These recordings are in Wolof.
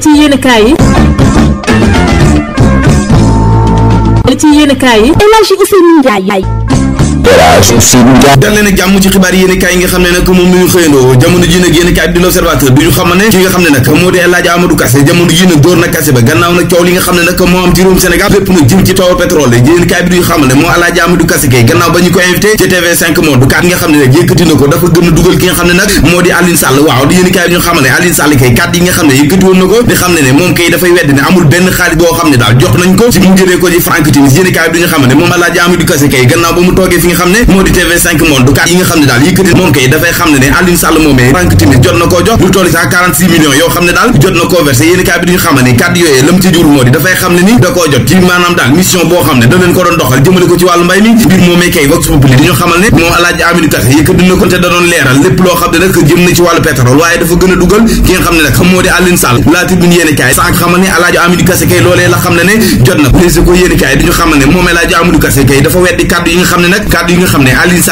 ci yéenekaay yi ci yéenekaay yi El Hadji Ousseynou dal leen ak nga xam ne nag moom la ñu xëyandoo jamono ji nag yéen kaay xam ne ki nga xam ne ci réewum Sénégal ci taw pétrole yéen bi duñu xam ne a moom kay dafay wedd ne amul benn xaalis boo xam ne daal jox nañ ko ci mu ko ci Frank Timis yéen bi duñu xam ne moom El Hadji Amadou Kassé kay gannaaw ba mu toogee fi nga xam ne moo di TV5 Monde kat yi nga xam ne daal yëkkati moom kay i kaay bi duñu xamal ne kàddu yooyee lam ci jur moo di dafay na dafa a dugal na weddi kàddu yi nga xam ne nag kàddu yi nga xam ne Aliou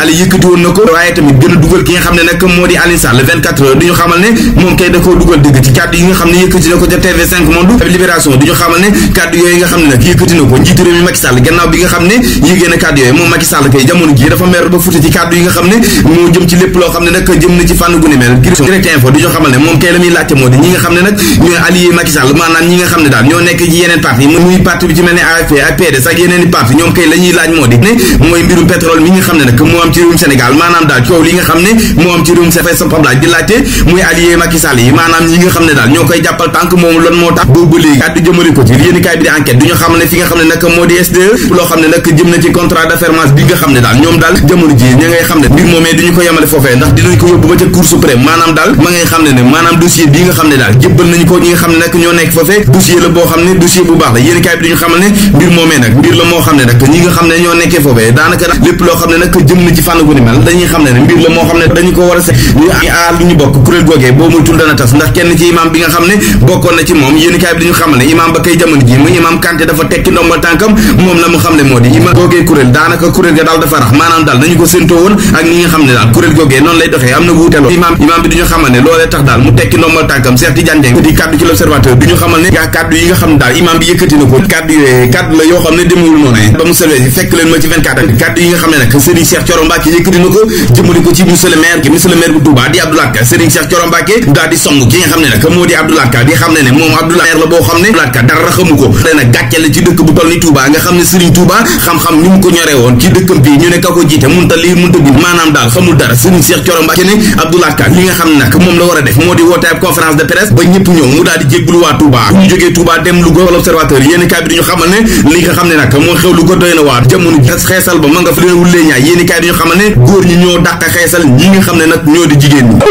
Sall maanaam ñi nga xam ne daal ñoo nekk ci yeneen parti muy parti bi ci mel ne AFP PDS ak yeneen i ñoom kay la laaj moo di ne mooy mbirum pétrole pétrole mi nga xam ne nag moo am ci réewum Sénégal maanaam sa pabla di laajte xam ne daal ñoo koy jàppal tànk moom lan moo tax nga xam ne nag moo di SDE loo xam ne nag jëm na ci contrat d'affermage bi nga xam ne daal ñoom daal jamono ji ne ñu nga xam ne daal jébbal nañu ko ñi nga xam ne nag ñoo nekk foofee dossier la boo xam ne dossier bu baax la yéen bi duñu xamal ne mbir moomee nag mbir la moo xam ne nag ñi nga xam ne ñoo nekkee foofee daanaka lépp loo xam ne nag jëm na ci fànn gu ni mel dañuy xam ne ne mbir la moo xam ne dañu ko war a seet ñu aar lu ñu bokk kuréel googee boo muy tul dana tas ndax kenn ci imaam bi nga xam ne bokkoon na ci moom yéenekaay bi dañu xam ne loolee tax daal mu tekki ndombal tànkam Cheikh Tidiane Dieng kaddu ci l'observateur duñu xamal ne gaa kaddu yi nga xam ne daal imaam bi yëkkati na ko kaddu yooyu kaddu la yoo xam ne demewul noonu ba fekk leen ma ci 24 kaddu xam ne nag Serigne Cheikh Thioro ko jëmale ko ci monsieur le bu Touba di Abdoulaye Ka Serigne Cheikh Thioro Mbacké di song ki nga xam ne nag moom la war a def moo di woote ab conférence de presse ba ñëpp ñëw mu daal di jéggulu waa Touba bu ñu jógee Touba dem Louga wala observateur yéen kaay bi di xamal ne li nga xam ne nag moo xew Louga doy na waar jamono xeesal ba ma nga fa Marie-Wu Léña yéen i kaay dañu xamal ne góor ñi ñoo dàq xeesal ñi nga xam ne nag ñoo di jigéen ñi